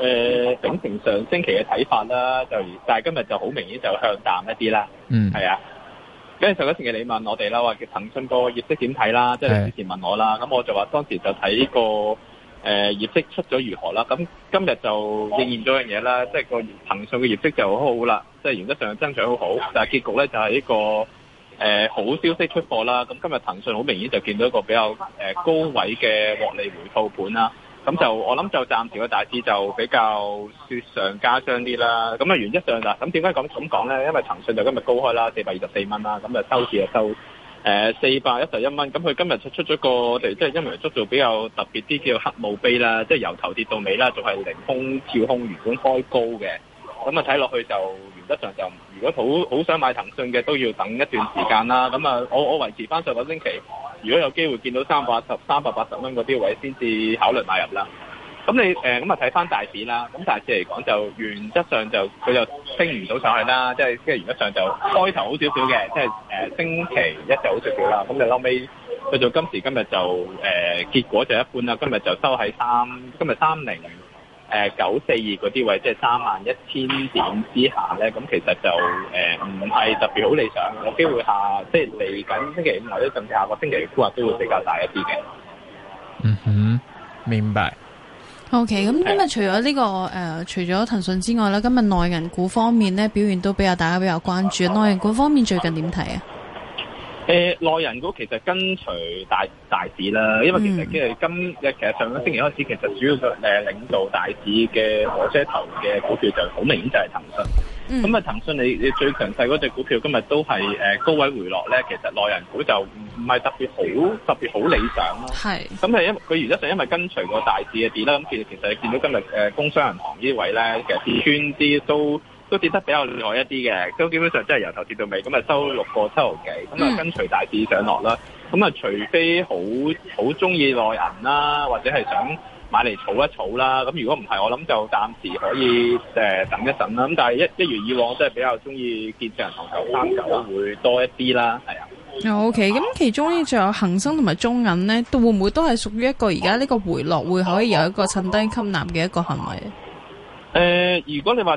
誒、呃、整成上星期嘅睇法啦，就但係今日就好明顯就向淡一啲啦。嗯，係啊。跟住上一次嘅你問我哋啦，話叫騰訊個業績點睇啦，mm. 即係之前問我啦，咁我就話當時就睇呢、這個誒、呃、業績出咗如何啦。咁今日就應驗咗樣嘢啦，即、就、係、是、個騰訊嘅業績就好好啦，即、就、係、是、原則上增長好好，但係結局咧就係呢個誒、呃、好消息出貨啦。咁今日騰訊好明顯就見到一個比較高位嘅獲利回吐盤啦。咁就我諗就暫時個大市就比較雪上加霜啲啦。咁啊，原則上啦，咁點解講咁講咧？因為騰訊就今日高開啦，四百二十四蚊啦，咁啊收市就收誒四百一十一蚊。咁、呃、佢今日出出咗個，即係因為做比較特別啲叫黑墓碑啦，即、就、係、是、由頭跌到尾啦，仲係凌空跳空原本開高嘅。咁啊，睇落去就原則上就，如果好好想買騰訊嘅，都要等一段時間啦。咁啊，我我維持翻上個星期，如果有機會見到三百八十、三百八十蚊嗰啲位，先至考慮買入啦。咁你誒，咁啊睇翻大市啦。咁大市嚟講，就原則上就佢就升唔到上去啦。即係即係原則上就開頭好少少嘅，即係誒星期一就好少少啦。咁你後尾去到今時今日就誒結果就一般啦。今日就收喺三，今日三零。誒、呃、九四二嗰啲位，即係三萬一千點之下咧，咁其實就誒唔係特別好理想，有機會下，即係嚟緊星期五或者甚至下個星期嘅沽壓都會比較大一啲嘅。嗯哼，明白。OK，咁今日是除咗呢、呢個誒、呃，除咗騰訊之外咧，今日內銀股方面咧表現都比較大家比較關注，內銀股方面最近點睇啊？誒、呃、內人股其實跟隨大大市啦，因為其實佢係跟誒，嗯、其實上個星期開始，其實主要誒領導大市嘅火車頭嘅股票就好明顯就係騰訊。咁啊、嗯，那騰訊你你最強勢嗰隻股票今日都係誒、呃、高位回落咧，其實內人股就唔唔係特別好的特別好理想咯。係的。咁係因為佢而家就因為跟隨個大市嘅跌啦，咁其實其實你見到今日誒工商銀行這位呢位咧，其實穿啲都。都跌得比較耐一啲嘅，都基本上真係由頭跌到尾，咁啊收六個七毫幾，咁啊跟隨大市上落啦。咁啊、嗯，除非好好中意內銀啦，或者係想買嚟儲一儲啦，咁如果唔係，我諗就暫時可以誒、呃、等一陣啦。咁但係一一如以往，即係比較中意建設銀行，九三九會多一啲啦，係啊。OK，咁其中，中呢，仲有恒生同埋中銀咧，會唔會都係屬於一個而家呢個回落會可以有一個趁低吸納嘅一個行為？誒、呃，如果你話。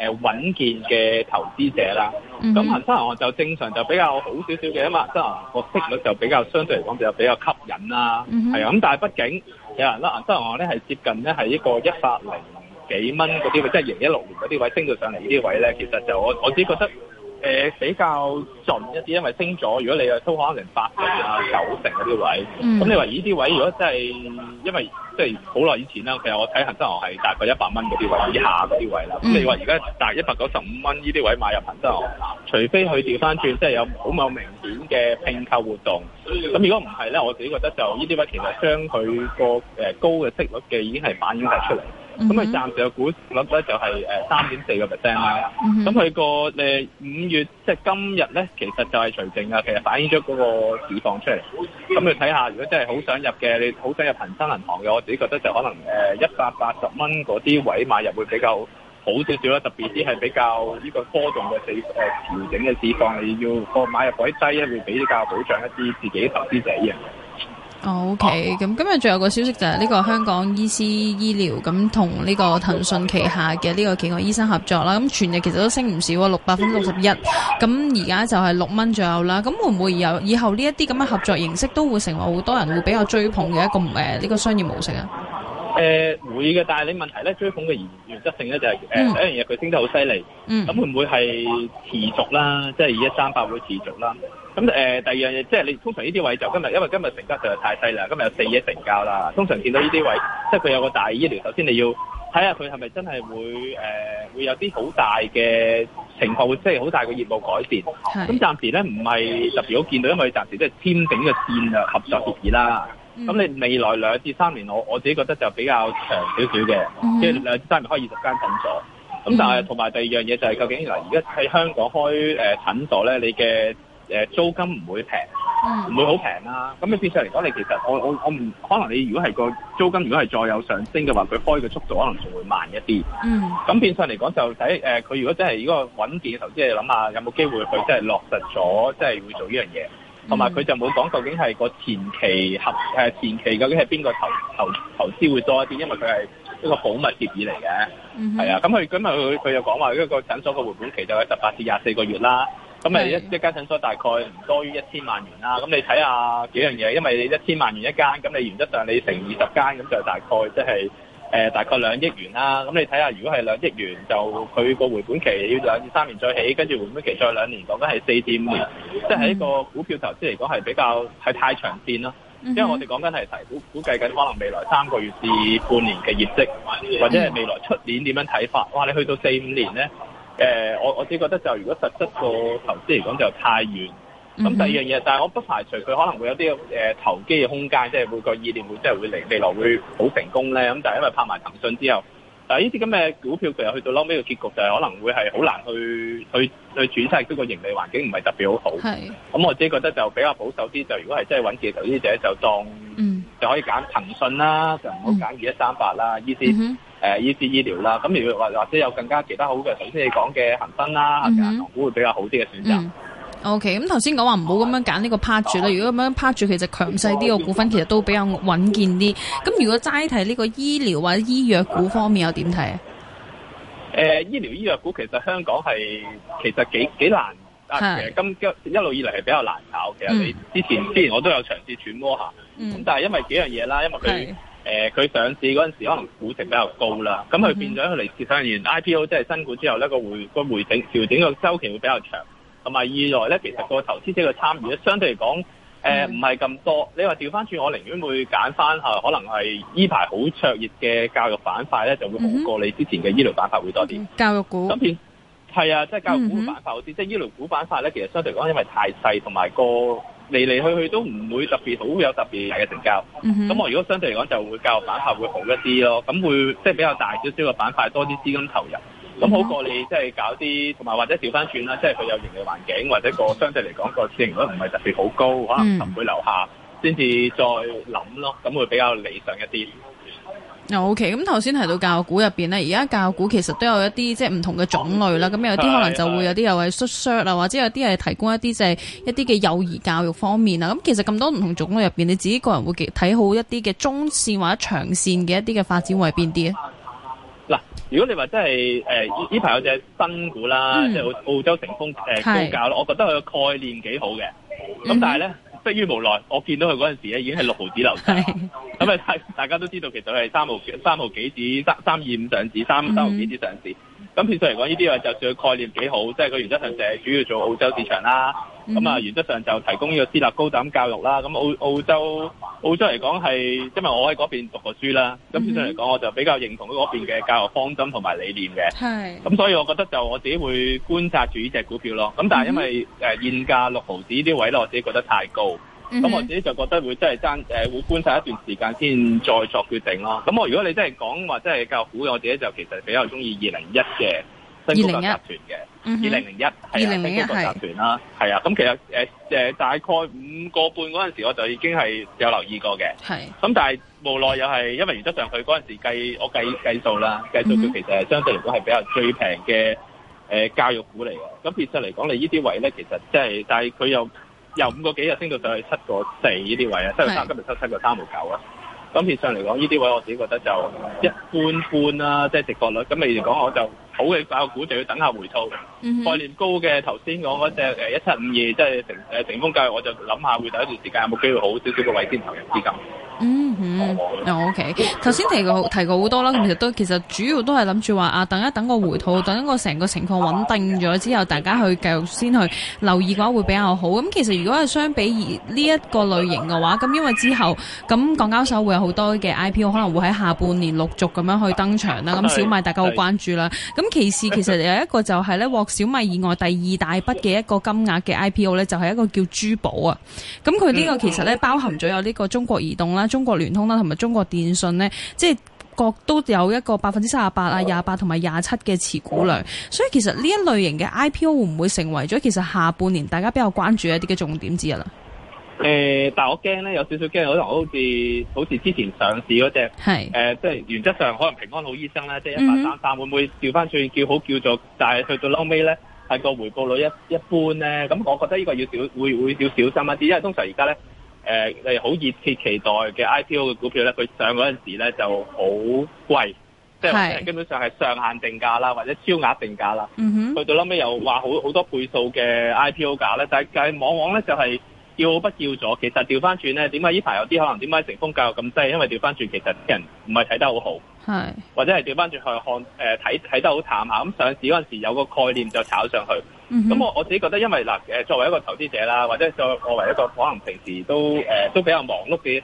誒穩健嘅投資者啦，咁、嗯、哼恆生銀行就正常就比較好少少嘅啊嘛，恆生銀行個息率就比較相對嚟講就比較吸引啦，係啊、嗯哼，咁但係畢竟有人啦，恆生銀行咧係接近咧係一個一百零幾蚊嗰啲位，即係盈一六年嗰啲位升到上嚟呢啲位咧，其實就我我自己覺得。誒、呃、比較盡一啲，因為升咗。如果你又都可能八成啊、九成嗰啲位，咁、嗯、你話呢啲位，如果真係因為即係好耐以前啦，其實我睇恒生銀行係大概一百蚊嗰啲位以下嗰啲位啦。咁、嗯、你話而家大一百九十五蚊呢啲位買入恒生銀行，除非佢調翻轉，即、就、係、是、有好冇明顯嘅併購活動。咁如果唔係咧，我自己覺得就呢啲位其實將佢個誒高嘅息率嘅已經係反映晒出嚟。咁佢暫時嘅股息率咧就係誒三點四個 percent 啦。咁佢個誒五月即係、就是、今日咧，其實就係除淨啊，其實反映咗嗰個市況出嚟。咁你睇下，如果真係好想入嘅，你好想入恒生銀行嘅，我自己覺得就可能誒一百八十蚊嗰啲位買入會比較好少少啦。特別啲係比較呢個波動嘅市誒調整嘅市況，你要個買入位低咧會比較保障一啲自己投資者嘅。OK 咁今日仲有個消息就係呢個香港醫師醫療咁同呢個騰訊旗下嘅呢個幾個醫生合作啦。咁全日其實都升唔少，六百分六十一，咁而家就係六蚊左右啦。咁會唔會有以後呢一啲咁嘅合作形式都會成為好多人會比較追捧嘅一個誒呢、呃這個商業模式啊？誒、呃、會嘅，但係你問題咧追捧嘅原則性咧就係、是、誒、呃嗯、第一樣嘢，佢升得好犀利，咁、嗯、會唔會係持續啦？即係二一三八會持續啦？咁誒、呃、第二樣嘢，即係你通常呢啲位就今日，因為今日成交實在太細啦。今日有四億成交啦。通常見到呢啲位，即係佢有個大醫療。首先你要睇下佢係咪真係會誒、呃，會有啲好大嘅情況，會即係好大嘅業務改善。咁是暫時咧唔係特別好見到，因為暫時都係簽訂嘅戰略合作協議啦。咁、嗯、你未來兩至三年我，我我自己覺得就比較長少少嘅，即係兩至三年開二十間診所。咁但係同埋第二樣嘢就係究竟嗱，而家喺香港開誒、呃、診所咧，你嘅。誒租金唔會平，唔、嗯、會好平啦。咁你變相嚟講，你其實我我我唔可能，你如果係個租金如果係再有上升嘅話，佢開嘅速度可能仲會慢一啲。嗯，咁變相嚟講就睇誒，佢、呃、如果真係如果穩健嘅投資，你諗下有冇機會佢真係落實咗，即、就、係、是、會做呢樣嘢。同埋佢就冇講究竟係個前期合前期究竟係邊個投投投資會多一啲，因為佢係一個保密協議嚟嘅。係、嗯、哼啊，咁佢咁日佢佢又講話一個診所嘅回本期就係十八至廿四個月啦。咁你一一間診所大概唔多於一千萬元啦。咁你睇下幾樣嘢，因為你一千萬元一間，咁你原則上你成二十間咁就大概即係呃，大概兩億元啦。咁你睇下，如果係兩億元，就佢個回本期要兩至三年再起，跟住回本期再兩年，講緊係四至五年，即係喺個股票投資嚟講係比較係太長線咯。因為我哋講緊係估估計緊可能未來三個月至半年嘅業績，或者係未來出年點樣睇法。哇！你去到四五年咧？誒、呃，我我自己覺得就如果實質個投資嚟講就太遠，咁第二樣嘢，mm hmm. 但係我不排除佢可能會有啲誒、呃、投機嘅空間，即、就、係、是、每個意念會即係會嚟未來會好成功咧。咁就因為拍埋騰訊之後，但係呢啲咁嘅股票，其實去到後尾嘅結局就係可能會係好難去去去轉身，因為個盈利環境唔係特別好好。係、mm，咁、hmm. 我自己覺得就比較保守啲，就如果係真係穩陣投資者就當，mm hmm. 就可以揀騰訊啦，就唔好揀二一三八啦，呢啲。誒、呃、醫治醫療啦，咁如果或或者有更加其他好嘅，頭先你講嘅恒生啦，恆生銀行股會比較好啲嘅選擇。O K，咁頭先講話唔好咁樣揀呢個 p a r t 住啦，哦、如果咁樣 p a r t 住，其實強勢啲個股份其實都比較穩健啲。咁、哦、如果齋睇呢個醫療或者醫藥股方面，又點睇啊？醫療醫藥股其實香港係其實幾幾難，啊的，其實今一路以嚟係比較難搞。其實你之前之前、嗯、我都有嘗試揣摩下，咁、嗯、但係因為幾樣嘢啦，因為佢。誒，佢、呃、上市嗰陣時可能估值比較高啦，咁佢變咗佢嚟撤散戶 IPO 即係新股之後咧個回個回整調整個周期會比較長，同埋二來咧其實個投資者嘅參與咧相對嚟講誒唔係咁多。你話調翻轉，我寧願會揀翻吓，可能係呢排好卓越嘅教育板塊咧就會好過你之前嘅醫療板塊會多啲、mm hmm. 嗯。教育股，咁變係啊，即、就、係、是、教育股嘅板塊好啲。Mm hmm. 即係醫療股板塊咧，其實相對嚟講因為太細同埋個。嚟嚟去去都唔會特別好有特別大嘅成交，咁、mm hmm. 我如果相對嚟講就會教育板塊會好一啲咯，咁會即係比較大少少嘅板塊多啲資金投入，咁、mm hmm. 好過你即係搞啲同埋或者調返轉啦，即係佢有盈利環境或者個相對嚟講個市盈率唔係特別好高，可能唔會留下先至再諗咯，咁會比較理想一啲。OK，咁頭先提到教育股入邊咧，而家教育股其實都有一啲即係唔同嘅種類啦。咁、嗯、有啲可能就會有啲又係 s 削、嗯、s h r 啦，或者有啲係提供一啲即係一啲嘅幼兒教育方面啦。咁其實咁多唔同種類入邊，你自己個人會幾睇好一啲嘅中線或者長線嘅一啲嘅發展會係邊啲？嗱，如果你話真係呢排有隻新股啦，即係、嗯、澳洲成峰誒高教啦是我覺得佢個概念幾好嘅，咁、嗯、哼但係咧。迫於無奈，我見到佢嗰陣時咧已經係六毫子流價，咁啊大大家都知道，其實係三毫三毫幾子三三二五上市、三三毫幾子上市。咁事實嚟講，呢啲話就算佢概念幾好，即係佢原則上就係主要做澳洲市場啦。咁、嗯、啊，原則上就提供呢個私立高等教育啦。咁澳澳洲澳洲嚟講，係因為我喺嗰邊讀過書啦。咁相對嚟講，我就比較認同佢嗰邊嘅教育方針同埋理念嘅。咁是所以，我覺得就我自己會觀察住呢隻股票咯。咁但係因為誒、嗯哼呃、現價六毫子呢啲位咧，我自己覺得太高。咁、嗯、哼我自己就覺得會真係爭誒，會、呃、觀察一段時間先再作決定咯。咁我如果你真係講話真係教育股，我自己就其實比較中意二零一嘅。二零一集團嘅，二零零一係啊，飛鶴集團啦，係是啊，咁、嗯、其實誒誒、呃，大概五個半嗰陣時，我就已經係有留意過嘅，係是。咁、嗯、但係無奈又係，因為原則上佢嗰陣時候計我計我計,計數啦，計數佢其實係相對嚟講係比較最平嘅誒教育股嚟嘅。咁其實嚟講，你呢啲位咧，其實即、就、係、是，但係佢又由五個幾又升到上去七個四呢啲位啊，七個三今日七七個三毫九啊。咁現上嚟講，呢啲位置我自己覺得就一半半啦、啊，即、就、係、是、直覺率。咁例如講，我就好嘅教育股就要等下回吐。嗯、哼概念高嘅頭先講嗰隻誒一七五二，即係成誒成風教育，我就諗下會第一段時間有冇機會好少少嘅位先投入資金。嗯嗯，OK。頭先提過提過好多啦，其實都其實主要都係諗住話啊，等一等個回吐，等一個成個情況穩定咗之後，大家去繼續先去留意嘅話會比較好。咁其實如果係相比而呢一個類型嘅話，咁因為之後，咁港交所會有好多嘅 IPO 可能會喺下半年陸續咁樣去登場啦。咁小米大家好關注啦。咁其次其實有一個就係咧，獲小米以外第二大筆嘅一個金額嘅 IPO 咧，就係一個叫珠寶啊。咁佢呢個其實咧包含咗有呢個中國移動啦。中國聯通啦，同埋中國電信咧，即係各都有一個百分之三十八啊、廿八同埋廿七嘅持股量，所以其實呢一類型嘅 IPO 會唔會成為咗其實下半年大家比較關注一啲嘅重點之一啦？誒、呃，但係我驚咧，有少少驚，可能好似好似之前上市嗰隻，係誒是，即係、呃就是、原則上可能平安好醫生咧，即、就、係、是、一八三三、嗯、會唔會調返轉叫好叫做，但係去到撈尾咧係個回報率一一般咧，咁我覺得呢個要小會會要小心一啲，因為通常而家咧。誒好、呃、熱切期待嘅 IPO 嘅股票咧，佢上嗰陣時咧就好貴，是即係基本上係上限定價啦，或者超額定價啦。嗯、哼去到撈尾又話好好多倍數嘅 IPO 價咧，但係往往咧就係要不叫咗。其實調翻轉咧，點解呢排有啲可能點解成風教育咁低？因為調翻轉其實啲人唔係睇得好好。係，是或者係調翻轉去看，誒睇睇得好淡。下、嗯。咁上市嗰陣時有個概念就炒上去。咁、mm hmm. 我我自己覺得，因為嗱、呃、作為一個投資者啦，或者作我為一個可能平時都誒、呃、都比較忙碌嘅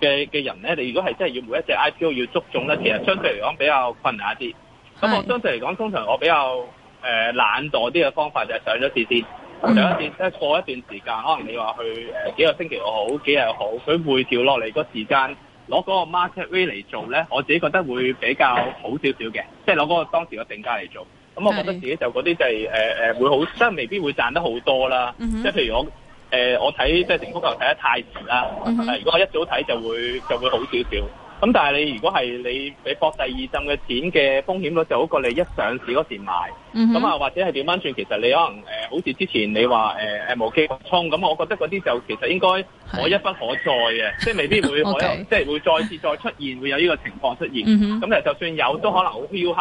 嘅嘅人咧，你如果係真係要每一隻 IPO 要捉中咧，其實相對嚟講比較困難一啲。咁是我相對嚟講，通常我比較誒、呃、懶惰啲嘅方法就係上咗市先，上咗市即係、mm hmm. 過一段時間，可能你話去幾個星期又好，幾日又好，佢回調落嚟個時間。攞嗰個 market value 嚟做咧，我自己覺得會比較好少少嘅，即係攞嗰個當時嘅定價嚟做。咁我覺得自己就嗰啲就係、是、誒、呃、會好，即係未必會賺得好多啦。即係、mm hmm. 譬如我誒、呃，我睇即係成功球睇得太遲啦。Mm hmm. 如果我一早睇就會就會好少少。咁、嗯、但係你如果係你俾博第二針嘅錢嘅風險率就好過你一上市嗰時買，咁啊、嗯哼嗯、或者係點樣轉，其實你可能誒、呃、好似之前你話誒誒無機擴充咁我覺得嗰啲就其實應該可一不可再嘅，是即係未必會可一， 即係會再次再出現會有呢個情況出現。咁其實就算有都可能好僥幸，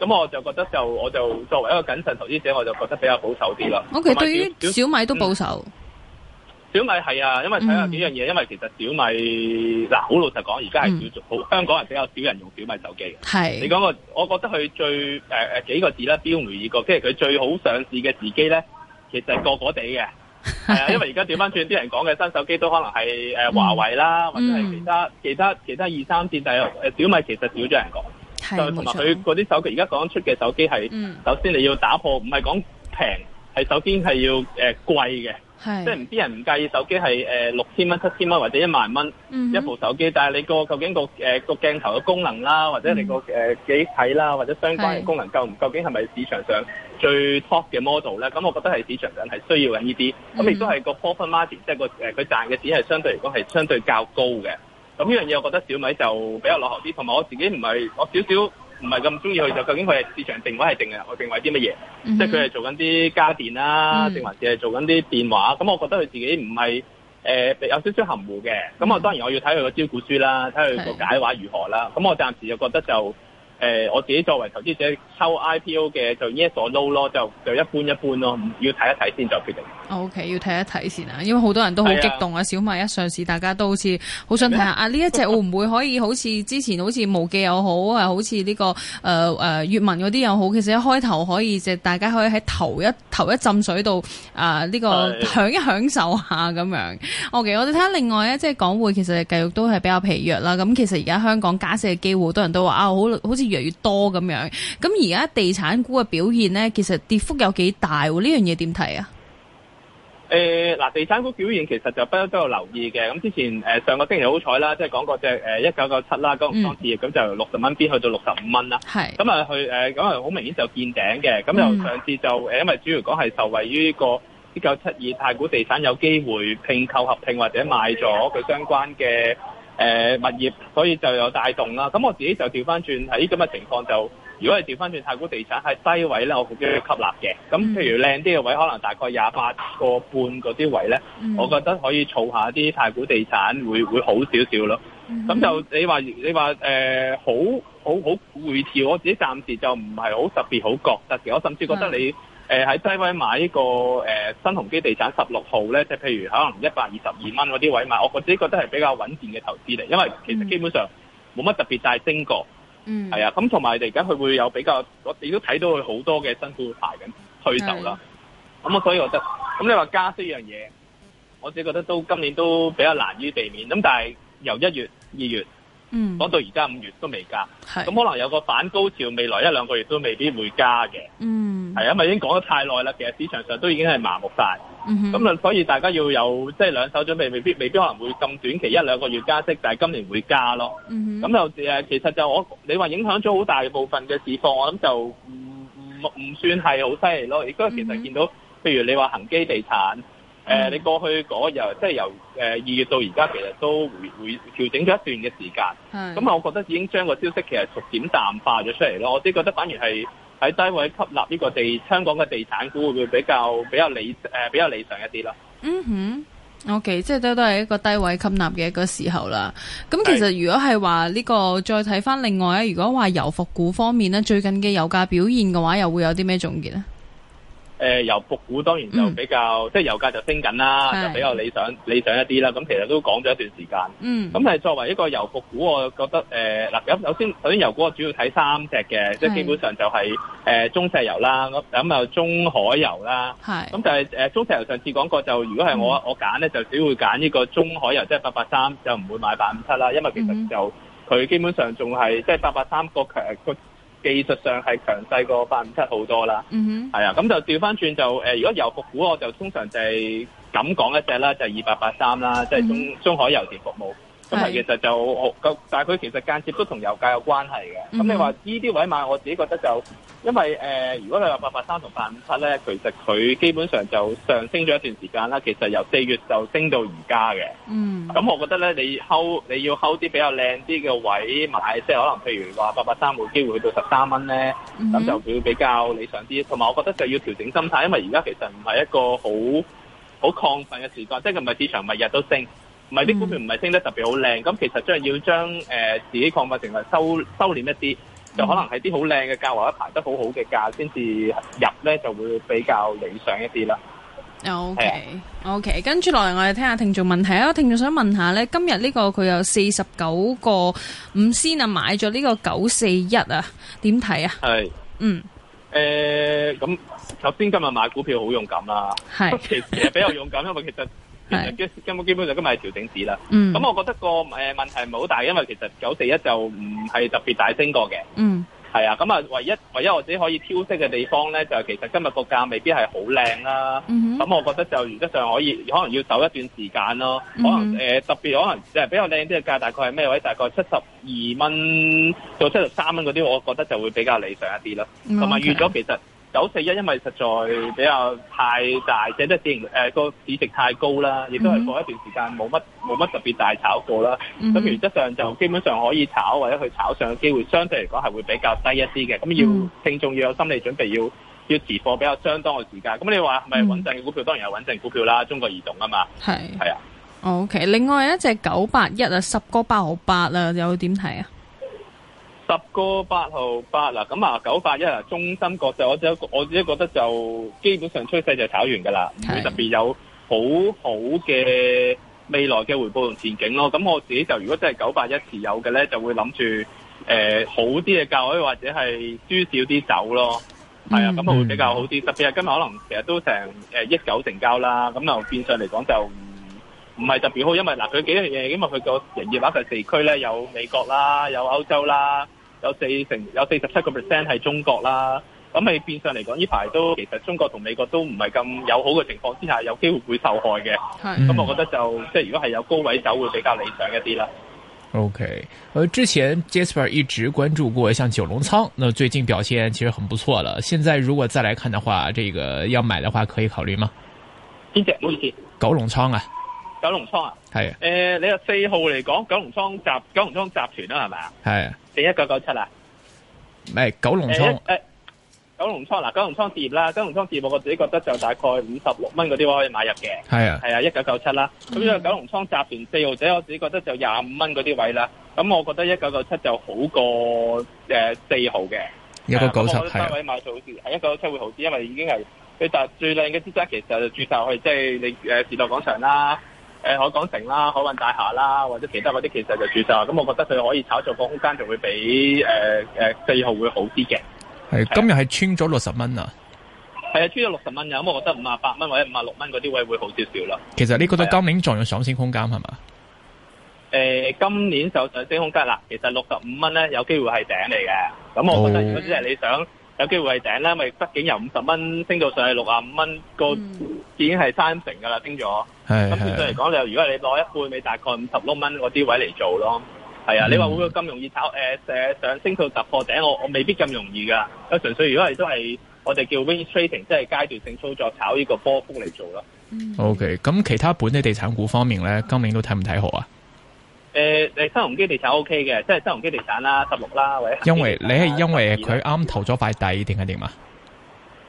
咁我就覺得就我就作為一個謹慎投資者，我就覺得比較保守啲啦。我其實對於小米都保守。嗯小米係啊，因為睇下幾樣嘢，因為其實小米嗱，好老實講，而家係少咗，好香港人比較少人用小米手機嘅。係你講個，我覺得佢最誒誒幾個字啦，標唔易過，即係佢最好上市嘅時機咧，其實係個個地嘅。係啊，因為而家掉翻轉，啲人講嘅新手機都可能係誒華為啦，或者係其他其他其他二三線，但係誒小米其實少咗人講。就同埋佢嗰啲手機，而家講出嘅手機係，首先你要打破，唔係講平，係首先係要誒貴嘅。即係唔啲人唔介意手機係誒、呃、六千蚊、七千蚊或者一萬蚊一部手機，嗯、哼但係你個究竟個、呃、鏡頭嘅功能啦，或者你個誒幾睇啦，或者相關嘅功能，夠唔、嗯、哼究竟係咪市場上最 top 嘅 model 咧？咁是我覺得係市場上係需要緊呢啲，咁亦、嗯、哼都係個 profit margin 即係佢賺嘅錢係相對嚟講係相對較高嘅。咁呢樣嘢我覺得小米就比較落後啲，同埋我自己唔係我少少。唔係咁鍾意佢就究竟佢係市場定位係定係我定位啲乜嘢？Mm hmm. 即係佢係做緊啲家電啦，定、mm hmm. 還是係做緊啲電話？咁我覺得佢自己唔係誒有少少含糊嘅。咁、mm hmm. 我當然我要睇佢個招股書啦，睇佢個解話如何啦。咁、mm hmm. 我暫時就覺得就。誒、呃，我自己作為投資者收 IPO 嘅就呢一所 low 咯，就就，就一般一般咯，要睇一睇先再決定。O、okay, K，要睇一睇先啊，因為好多人都好激動啊，的小米一上市，大家都好似好想睇下的啊，呢一隻會唔會可以好似之前好似毛記又好啊， 好似呢、這個誒誒粵文嗰啲又好，其實一開頭可以即大家可以喺頭一頭一浸水度啊，呢、呃這個的享一享受一下咁樣。O、okay, K，我哋睇下另外咧，即係港匯其實繼續都係比較疲弱啦。咁其實而家香港加息嘅機會，好多人都話啊，好好似。越嚟越多咁樣，咁而家地產股嘅表現咧，其實跌幅有幾大呢，樣嘢點睇啊？誒，嗱，地產股表現其實就不嬲都有留意嘅。咁之前誒，上個星期好彩啦，即係講過隻誒一九九七啦，九龍倉置業咁就六十蚊跌去到六十五蚊啦。係咁啊去誒，咁啊好明顯就見頂嘅。咁又上次就誒，因為主要講係受惠於呢個一九七二太古地產有機會併購合併或者買咗佢相關嘅。誒、呃、物業，所以就有帶動啦。咁我自己就調翻轉喺咁嘅情況就，就如果係調翻轉太古地產係低位咧，我好中意吸納嘅。咁譬如靚啲嘅位，可能大概廿八個半嗰啲位咧，我覺得可以儲下啲太古地產會，會會好少少咯。咁就你話你話誒、呃、好。好好回調，我自己暫時就唔係好特別好覺得，特別我甚至覺得你誒喺的、呃、低位買呢、這個誒、呃、新鴻基地產十六號咧，即、就、係、是、譬如可能一百二十二蚊嗰啲位買，我自己覺得係比較穩健嘅投資嚟，因為其實基本上冇乜特別大升過。是的是嗯，係啊，咁同埋你而家佢會有比較，我亦都睇到佢好多嘅新盤排緊推售啦。咁我的所以我覺得，咁你話加息一樣嘢，我自己覺得都今年都比較難於避免。咁但係由一月二月。2月嗯，講到而家五月都未加，咁是可能有個反高潮，未來一兩個月都未必會加嘅。嗯，係因為已經講得太耐啦，其實市場上都已經係麻木晒。咁啊、嗯哼，所以大家要有即係、就是、兩手準備，未必未必可能會咁短期一兩個月加息，但係今年會加咯。咁、嗯、哼就誒，其實就我你話影響咗好大部分嘅市況，我諗就唔唔唔算係好犀利咯。亦都其實見到，譬、嗯、哼如你話恒基地產。誒、嗯呃，你過去嗰日即係由誒、呃、二月到而家，其實都回回調整咗一段嘅時間。咁啊是、嗯，我覺得已經將個消息其實逐漸淡化咗出嚟咯。我都覺得反而係喺低位吸納呢個地香港嘅地產股會唔會比較比較理誒、呃、比較理想一啲咧？嗯哼。O、okay, K，即係都都係一個低位吸納嘅一個時候啦。咁其實如果係話呢個再睇翻另外咧，如果話油服股方面呢，最近嘅油價表現嘅話，又會有啲咩總結呢？誒、呃、油服股當然就比較，嗯、即係油價就升緊啦，是就比較理想理想一啲啦。咁其實都講咗一段時間。嗯。咁但係作為一個油服股，我覺得誒嗱咁首先首先油股我主要睇三隻嘅，是即係基本上就係、是呃、中石油啦，咁就中海油啦。咁是就係、是呃、中石油上次講過就，就如果係我、嗯、我揀咧，就只會揀呢個中海油，即係八八三，就唔、是、會買八五七啦，因為其實就佢、嗯、基本上仲係即係八八三個強技術上係強勢過八五七好多啦，係、mm hmm. 啊，咁就調翻轉就誒、呃，如果油服股我就通常就係咁講一隻、就是、啦，就二八八三啦，即係中中海油田服務。咁啊，是其實就，但係佢其實間接都同油價有關係嘅。咁你話呢啲位買，我自己覺得就，因為誒、呃，如果你話八八三同八五七咧，其實佢基本上就上升咗一段時間啦。其實由四月就升到而家嘅。嗯。咁我覺得咧，你睺你要睺啲比較靚啲嘅位買，即可能譬如話八八三冇機會去到十三蚊咧，咁就會比較理想啲。同埋、嗯、哼我覺得就要調整心態，因為而家其實唔係一個好好亢奮嘅時代，即係唔係市場咪日都升。唔係啲股票唔係升得特別好靚，咁其實即係要將誒自己亢奮程度收收斂一啲，就可能係啲好靚嘅價或者排得好好嘅價先至入咧，就會比較理想一啲啦。OK OK，跟住落嚟我哋聽下聽眾問題啊，聽眾想問下咧，今日呢個佢有四十九個五仙啊，買咗呢個九四一啊，點睇啊？係嗯誒，咁頭先今日買股票好勇敢啦，係其實比較勇敢，因為其實。係，咁是基本上今日係調整市啦。咁、嗯、我覺得個誒問題唔係好大，因為其實九四一就唔係特別大升過嘅。嗯，係啊，咁啊，唯一唯一我自己可以挑剔嘅地方咧，就係其實今日個價未必係好靚啦。咁、嗯、哼我覺得就原則上可以，可能要走一段時間咯、嗯哼呃。可能誒特別可能誒比較靚啲嘅價，大概係咩位？大概七十二蚊到七十三蚊嗰啲，那些我覺得就會比較理想一啲啦。同埋預咗其實。九四一，因為實在比較太大隻，咧自然誒個市值太高啦，亦都係過一段時間冇乜冇乜特別大炒過啦。咁原則上就基本上可以炒，或者去炒上機會，相對嚟講係會比較低一啲嘅。咁要聽眾要有心理準備要，要要持貨比較相當嘅時間。咁你話係咪穩陣嘅股票？Mm hmm. 當然係穩陣股票啦，中國移動啊嘛。係係是啊。OK，另外一隻九八一啊，十個八毫八啊，有點睇啊？十個八號八啦、啊，咁啊九八一啊，中芯國際我只我自己覺得就基本上趨勢就炒完噶啦，唔是會特別有很好好嘅未來嘅回報同前景咯。咁我自己就如果真係九八一持有嘅咧，就會諗住誒好啲嘅價位，或者係輸少啲走咯。係、嗯、啊，咁啊會比較好啲。特別係今日可能其實都成誒一九成交啦，咁就變相嚟講就。唔係特別好，因為嗱，佢幾樣嘢，因為佢個營業額嘅、啊、地區咧，有美國啦，有歐洲啦，有四成，有四十七個 percent 係中國啦。咁你變相嚟講，呢排都其實中國同美國都唔係咁友好嘅情況之下，有機會會受害嘅。咁是，那我覺得就即係如果係有高位走，會比較理想一啲啦。OK，而、呃、之前 Jasper 一直關注過，像九龍倉，那最近表現其實很不錯了。現在如果再來看的話，這個要買的話可以考慮嗎？唔好意思，九龍倉啊。九龍倉啊，係誒、啊呃，你話四號嚟講九龍倉集九龍倉集團啦，係咪啊？係，第一九九七啊，咩？九龍倉誒，九龍倉嗱、啊啊啊，九龍倉置業、呃呃、啦，九龍倉置業我自己覺得就大概五十六蚊嗰啲位可以買入嘅，係啊，係啊，一九九七啦，咁樣、嗯、九龍倉集團四號仔，我自己覺得就廿五蚊嗰啲位啦，咁我覺得一九九七就好過誒四、呃、號嘅，一九九七係位買就好係一九九七會好啲，啊、90, 因為已經係佢達最靚嘅資產，其實就住宅，去即係你誒時代廣場啦。海港城啦、海運大廈啦，或者其他嗰啲，其實就住宅，咁我覺得佢可以炒作個空間，就會比誒誒四號會好啲嘅。係，今日係穿咗六十蚊啊！係啊，穿咗六十蚊啊！咁我覺得五啊八蚊或者五啊六蚊嗰啲位會好少少咯。其實你覺得今年仲有上升空間係嘛？誒，今年就上升空間啦。其實六十五蚊咧有機會係頂嚟嘅。咁我覺得如果真係你想。有機會係頂咧，因為畢竟由五十蚊升到上去六啊五蚊，個已經係三成噶啦，升咗。咁相對嚟講，就如果你攞一半，咪大概五十六蚊嗰啲位嚟做咯。係啊，你話會唔會咁容易炒？誒、呃、誒，上升到突破頂，我我未必咁容易噶。啊，純粹如果係都係我哋叫 range trading，即係階段性操作，炒呢個波幅嚟做咯。O K，咁其他本地地產股方面咧，今年都睇唔睇好啊？誒，你新鴻基地產 O K 嘅，即係新鴻基地產啦，十六啦，或者，因為你係因為佢啱投咗塊地定係點啊？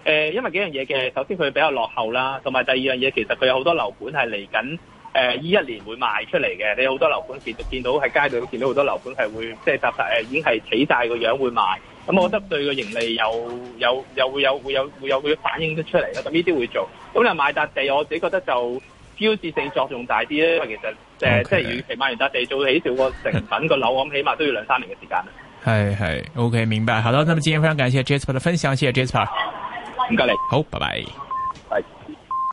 誒，因為幾樣嘢嘅，首先佢比較落後啦，同埋第二樣嘢，其實佢有好多樓盤係嚟緊，誒，依一年會賣出嚟嘅。你好多樓盤見見到喺街度見到好多樓盤係會即係搭晒，誒，已經係起晒個樣會賣。咁我覺得對個盈利有有又會有會有會有會反映得出嚟啦。咁呢啲會做。咁你買笪地，我自己覺得就標誌性作用大啲啦，因為其實。誒，即係預期買完得地，做起少個成品個樓咁， 我諗起碼都要兩三年嘅時間啦。係係，OK，明白。好啦，那麼今天非常感謝 Jasper 的分享，謝謝 Jasper，唔該你，好，拜拜。